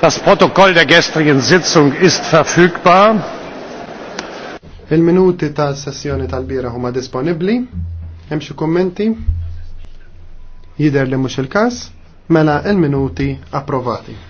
Das Protokoll der gestrigen Sitzung ist verfügbar. Il-minuti tal-sessjoni tal-bira huma disponibli. Hemm xi kummenti? Jidher li mhux il-każ, mela il-minuti approvati.